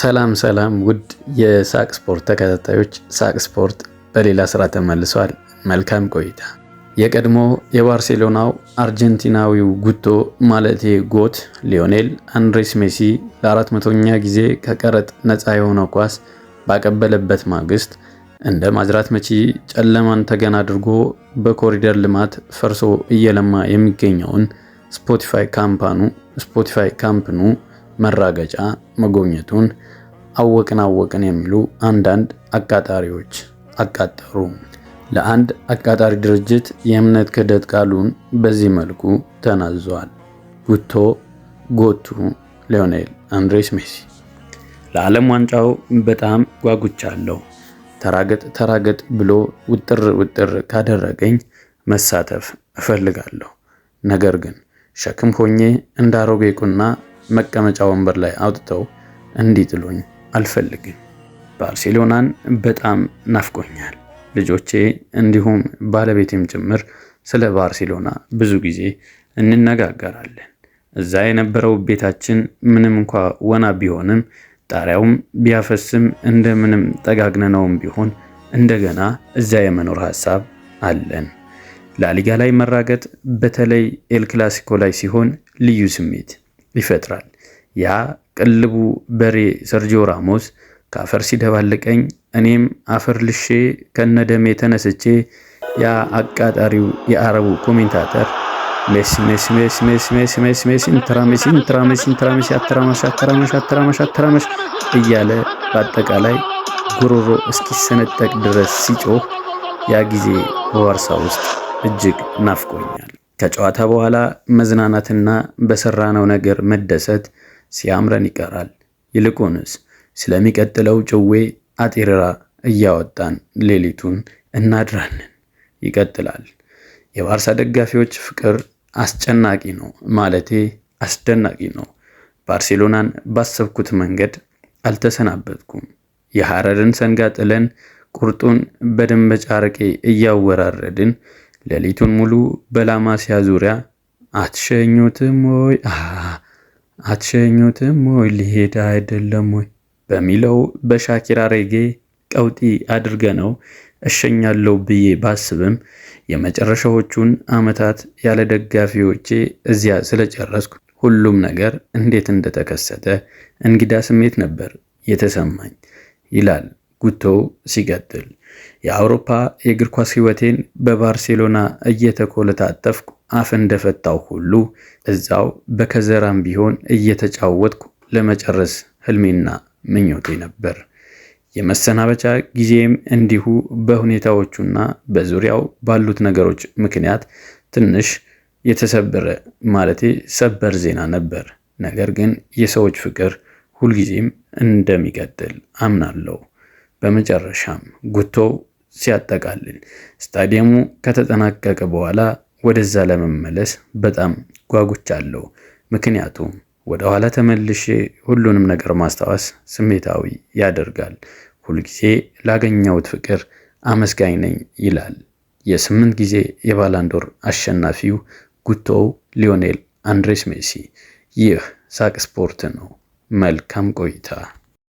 ሰላም ሰላም ውድ የሳቅ ስፖርት ተከታታዮች፣ ሳቅ ስፖርት በሌላ ስራ ተመልሷል። መልካም ቆይታ። የቀድሞ የባርሴሎናው አርጀንቲናዊው ጉቶ ማለቴ ጎት ሊዮኔል አንድሬስ ሜሲ ለ400ኛ ጊዜ ከቀረጥ ነፃ የሆነው ኳስ ባቀበለበት ማግስት እንደ ማዝራት መቺ ጨለማን ተገን አድርጎ በኮሪደር ልማት ፈርሶ እየለማ የሚገኘውን ስፖቲፋይ ካምፓኑ ስፖቲፋይ ካምፕኑ መራገጫ መጎብኘቱን አወቅን አወቅን የሚሉ አንዳንድ አቃጣሪዎች አቃጠሩ። ለአንድ አቃጣሪ ድርጅት የእምነት ክህደት ቃሉን በዚህ መልኩ ተናዟል። ጉቶ ጎቱ ሊዮኔል አንድሬስ ሜሲ ለዓለም ዋንጫው በጣም ጓጉቻለሁ። ተራገጥ ተራገጥ ብሎ ውጥር ውጥር ካደረገኝ መሳተፍ እፈልጋለሁ። ነገር ግን ሸክም ሆኜ እንዳሮጌ ቁና መቀመጫ ወንበር ላይ አውጥተው እንዲጥሉኝ አልፈልግም። ባርሴሎናን በጣም ናፍቆኛል። ልጆቼ እንዲሁም ባለቤቴም ጭምር ስለ ባርሴሎና ብዙ ጊዜ እንነጋገራለን። እዛ የነበረው ቤታችን ምንም እንኳ ወና ቢሆንም ጣሪያውም ቢያፈስም እንደምንም ጠጋግነነውም ቢሆን እንደገና እዛ የመኖር ሐሳብ አለን። ላሊጋ ላይ መራገጥ በተለይ ኤል ክላሲኮ ላይ ሲሆን ልዩ ስሜት ይፈጥራል። ያ ቅልቡ በሬ ሰርጂዮ ራሞስ ከአፈር ሲደባልቀኝ እኔም አፈር ልሼ ከነደሜ ተነስቼ ያ አቃጣሪው የአረቡ ኮሜንታተር ሜሲ በአጠቃላይ ጉሮሮ እስኪሰነጠቅ ድረስ ሲጮህ እጅግ ከጨዋታ በኋላ መዝናናትና በሰራነው ነገር መደሰት ሲያምረን ይቀራል። ይልቁንስ ስለሚቀጥለው ጭዌ አጢርራ እያወጣን ሌሊቱን እናድራለን። ይቀጥላል። የባርሳ ደጋፊዎች ፍቅር አስጨናቂ ነው፣ ማለቴ አስደናቂ ነው። ባርሴሎናን ባሰብኩት መንገድ አልተሰናበትኩም። የሐረርን ሰንጋ ጥለን ቁርጡን በደንበጫ አረቄ እያወራረድን ሌሊቱን ሙሉ በላማሲያ ዙሪያ አትሸኙትም ወይ አትሸኙትም ወይ ሊሄድ አይደለም ወይ በሚለው በሻኪራ ሬጌ ቀውጢ አድርገ ነው እሸኛለሁ ብዬ ባስብም የመጨረሻዎቹን ዓመታት ያለ ደጋፊዎቼ እዚያ ስለጨረስኩ ሁሉም ነገር እንዴት እንደተከሰተ እንግዳ ስሜት ነበር የተሰማኝ ይላል ጉቶ ሲቀጥል የአውሮፓ የእግር ኳስ ህይወቴን በባርሴሎና እየተኮለታጠፍኩ አፍ እንደፈታው ሁሉ እዛው በከዘራም ቢሆን እየተጫወትኩ ለመጨረስ ህልሜና ምኞቴ ነበር። የመሰናበቻ ጊዜም እንዲሁ በሁኔታዎቹና በዙሪያው ባሉት ነገሮች ምክንያት ትንሽ የተሰበረ ማለቴ ሰበር ዜና ነበር። ነገር ግን የሰዎች ፍቅር ሁልጊዜም እንደሚቀጥል አምናለሁ። በመጨረሻም ጉቶው ሲያጠቃልል ስታዲየሙ ከተጠናቀቀ በኋላ ወደዛ ለመመለስ በጣም ጓጉቻለሁ። ምክንያቱም ወደ ኋላ ተመልሼ ሁሉንም ነገር ማስታወስ ስሜታዊ ያደርጋል። ሁልጊዜ ላገኘሁት ፍቅር አመስጋኝ ነኝ ይላል የስምንት ጊዜ የባላንዶር አሸናፊው ጉቶው ሊዮኔል አንድሬስ ሜሲ። ይህ ሳቅ ስፖርት ነው። መልካም ቆይታ